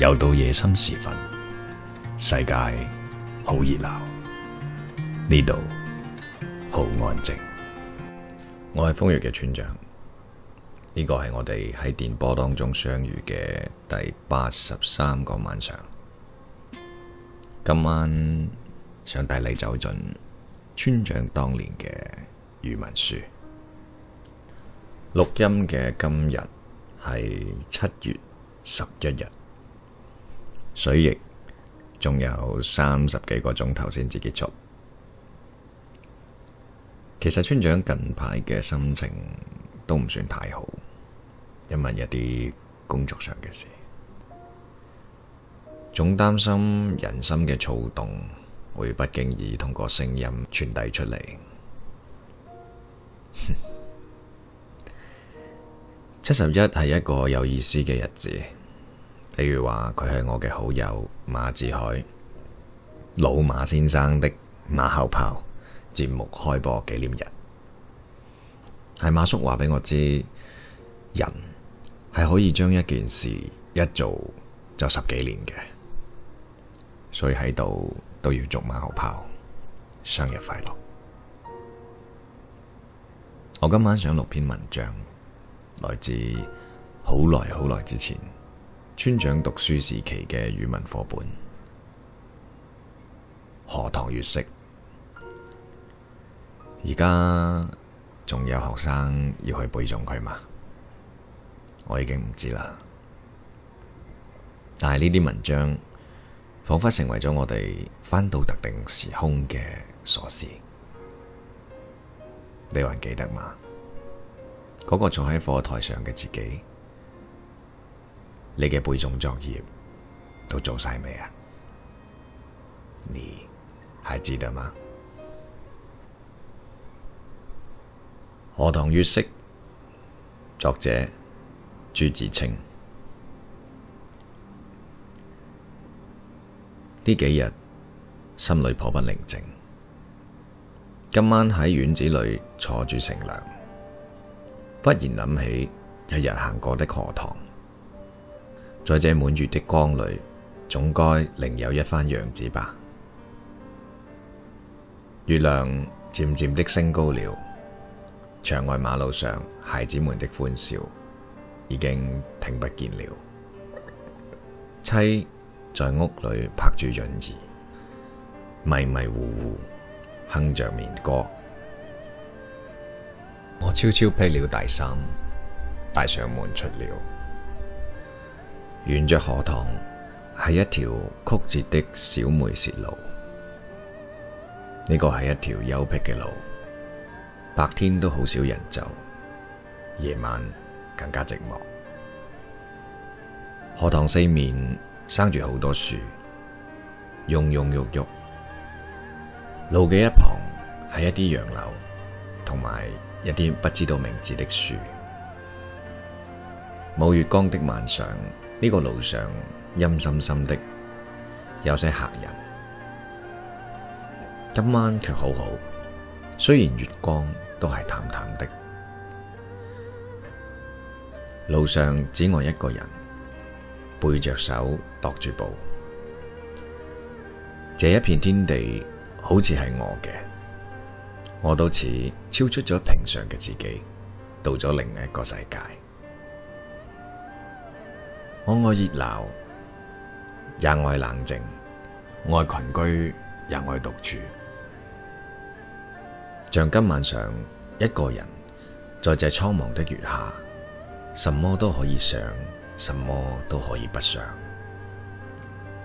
又到夜深時分，世界好熱鬧，呢度好安靜。我係瘋粵嘅村長，呢個係我哋喺電波當中相遇嘅第八十三個晚上。今晚想帶你走進村長當年嘅語文書。錄音嘅今日係七月十一日。水逆仲有三十幾個鐘頭先至結束。其實村長近排嘅心情都唔算太好，因為有一啲工作上嘅事，總擔心人心嘅躁動會不經意通過聲音傳遞出嚟。七十一係一個有意思嘅日子。例如話佢係我嘅好友馬志海，老馬先生的馬後炮節目開播紀念日，係馬叔話畀我知，人係可以將一件事一做就十幾年嘅，所以喺度都要祝馬後炮生日快樂。我今晚想錄篇文章，來自好耐好耐之前。村長讀書時期嘅語文課本《荷塘月色》，而家仲有學生要去背誦佢嗎？我已經唔知啦。但係呢啲文章，仿佛成為咗我哋返到特定時空嘅鎖匙。你還記得嗎？嗰、那個坐喺課台上嘅自己。你嘅背誦作業都做晒未啊？你還記得嗎？《荷塘月色》作者朱自清。呢幾日心裏頗不寧靜。今晚喺院子裏坐住乘涼，忽然諗起日日行過的荷塘。在這滿月的光裏，總該另有一番樣子吧。月亮漸漸的升高了，牆外馬路上孩子們的歡笑已經聽不見了。妻在屋裏拍住閏兒，迷迷糊糊哼着眠歌。我悄悄披了大衫，帶上門出了。沿着荷塘係一條曲折的小煤屑路，呢個係一條幽僻嘅路，白天都好少人走，夜晚更加寂寞。荷塘四面生住好多樹，蓊蓊鬱鬱。路嘅一旁係一啲楊柳，同埋一啲不知道名字的樹。冇月光的晚上。呢個路上陰森森的，有些嚇人。今晚卻好好，雖然月光都係淡淡的。路上只我一個人，背着手踱住步。這一片天地好似係我嘅，我都似超出咗平常嘅自己，到咗另一個世界。我愛熱鬧，也愛冷靜；愛群居，也愛獨處。像今晚上一個人在這蒼茫的月下，什麼都可以想，什麼都可以不想，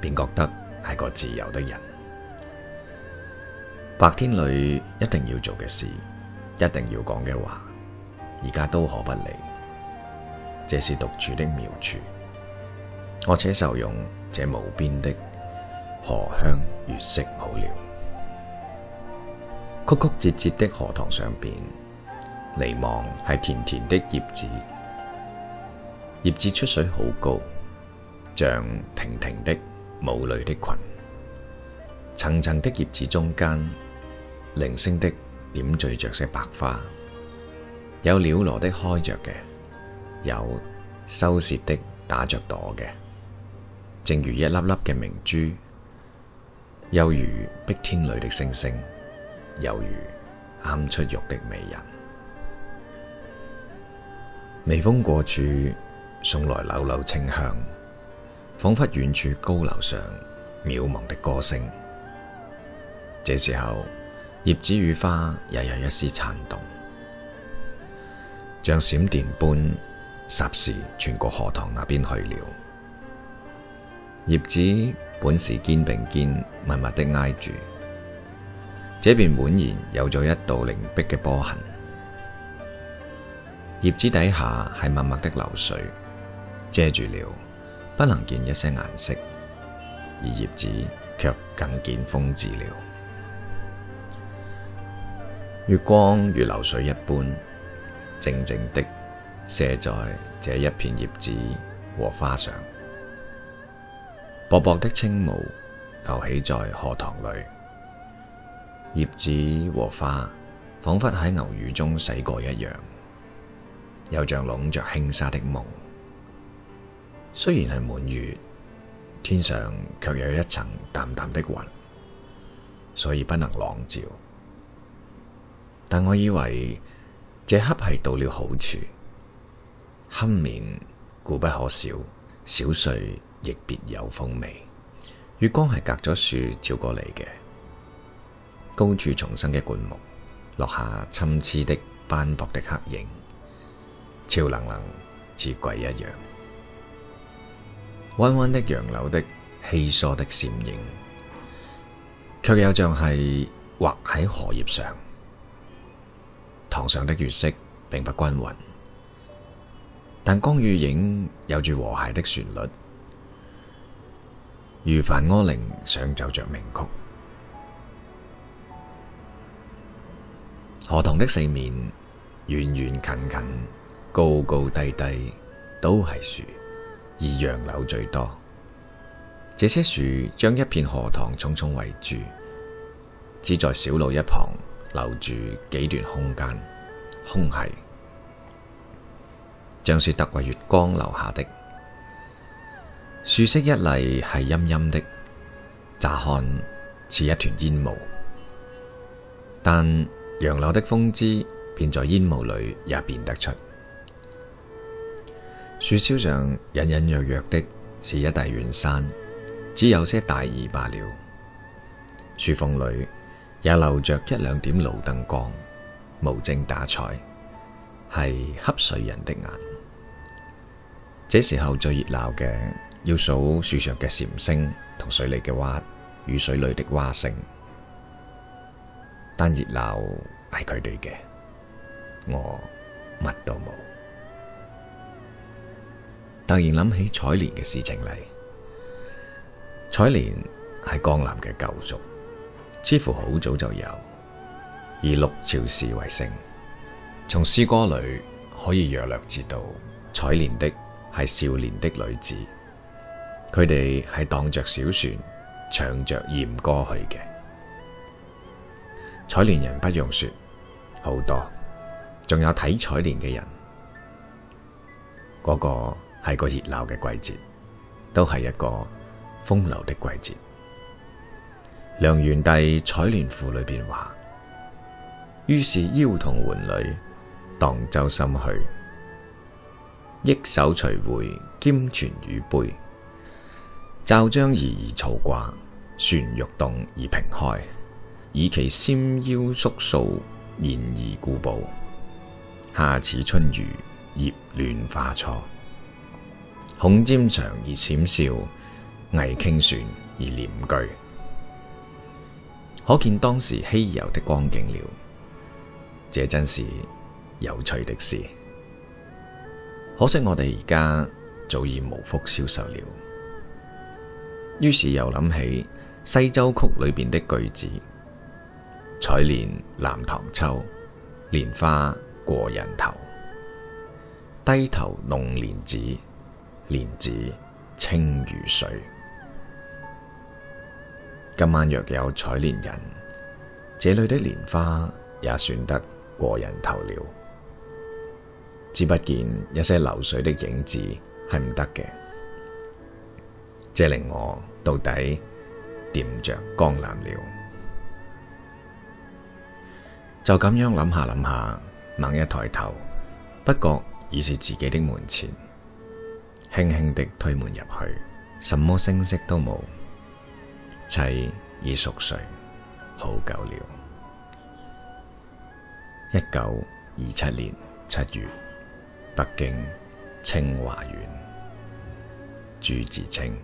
便覺得係個自由的人。白天裏一定要做嘅事，一定要講嘅話，而家都可不理，這是獨處的妙處。我且受用這無邊的荷香月色好了，曲曲折折的荷塘上邊，彌望係田田的葉子，葉子出水好高，像亭亭的舞女的裙。層層的葉子中間，零星的點綴着些白花，有嫋娜的開着嘅，有羞澀的打着朵嘅。正如一粒粒嘅明珠，又如碧天裏的星星，又如啱出浴的美人。微風過處，送來縷縷清香，仿佛遠處高樓上渺茫的歌聲。這時候，葉子與花也有一絲顫動，像閃電般，霎時傳過荷塘那邊去了。葉子本是肩並肩，密密的挨住，這便宛然有咗一道凝碧嘅波痕。葉子底下是脈脈的流水，遮住了，不能見一些顏色，而葉子卻更見風致了。月光如流水一般，靜靜地瀉在這一片葉子和花上。薄薄的青霧浮起在荷塘裏，葉子和花仿佛喺牛乳中洗過一樣，又像籠着輕紗的夢。雖然係滿月，天上卻有一層淡淡的雲，所以不能朗照。但我以為這刻係到了好處，酣眠固不可少，小睡。亦別有風味。月光係隔咗樹照過嚟嘅，高處叢生嘅灌木落下參差的斑駁的黑影，峭楞楞似鬼一樣。彎彎的楊柳的稀疏的倩影，卻又像係畫喺荷葉上。塘上的月色並不均勻，但光與影有住和諧的旋律。如梵婀玲上奏着名曲。荷塘的四面，遠遠近近、高高低低，都係樹，而楊柳最多。這些樹將一片荷塘重重圍住，只在小路一旁留住幾段空間，空隙，像是特為月光留下的。樹色一例係陰陰的，乍看似一團煙霧，但楊柳的豐姿便在煙霧裏也辨得出。樹梢上隱隱約約的是一帶遠山，只有些大意罷了。樹縫裏也漏着一兩點路燈光，無精打采，係瞌睡人的眼。這時候最熱鬧嘅，要數樹上嘅蟬聲同水裏嘅蛙，雨水裏嘅蛙聲，但熱鬧係佢哋嘅，我乜都冇。突然諗起採蓮嘅事情嚟，採蓮係江南嘅舊俗，似乎好早就有，以六朝時為盛。從詩歌裏可以約略知道，採蓮的係少年的女子。佢哋係蕩着小船，唱着艷歌去嘅採蓮人。不用說，好多，仲有睇採蓮嘅人。嗰、那個係個熱鬧嘅季節，都係一個風流的季節。梁元帝採蓮賦裏邊話，於是妖童媛女蕩舟心許，鷁首徐回兼傳羽杯。棹將移而藻掛，船欲動而萍開，爾其纖腰束素，遷延顧步，夏始春餘，葉嫩花初，恐沾裳而淺笑，畏傾船而斂裾，可見當時嬉遊的光景了。這真是有趣的事，可惜我哋而家早已無福消受了。於是又諗起《西洲曲》裏邊的句子：採蓮南塘秋，蓮花過人頭。低頭弄蓮子，蓮子清如水。今晚若有採蓮人，這裏的蓮花也算得過人頭了。只不見一些流水的影子，係唔得嘅。這令我，到底惦着江南了，就咁樣諗下諗下，猛一抬頭，不覺已是自己的門前，輕輕地推門入去，什麼聲息都冇，妻已熟睡，好久了。一九二七年七月，北京清華園，朱自清。